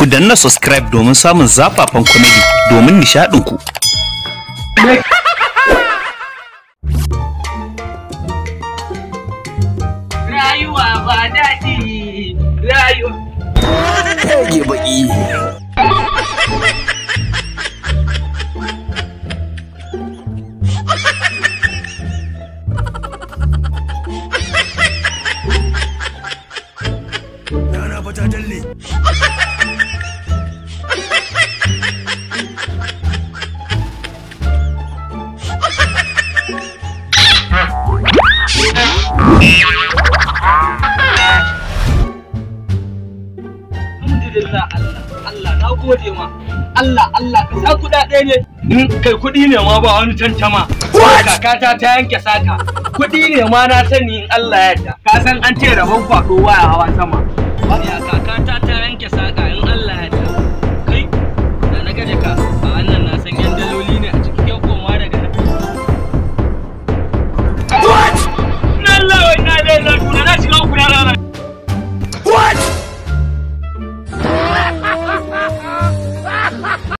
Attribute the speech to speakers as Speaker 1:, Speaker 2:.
Speaker 1: ku danna subscribe domin samun zafafan comedy domin nishaɗinku. Rayuwa ba daɗi rayuwa.
Speaker 2: Rage baƙi.
Speaker 3: Rana
Speaker 1: Alhamdulillah Allah, Allah na Allah, Allah ka sa kuɗaɗe ne. In kai kuɗi ne ma ba wani tantama. Kakata ta yanke sata. Kuɗi ne ma na sani in Allah ya Ka san an ce rabon kwaɗo waya hawa sama.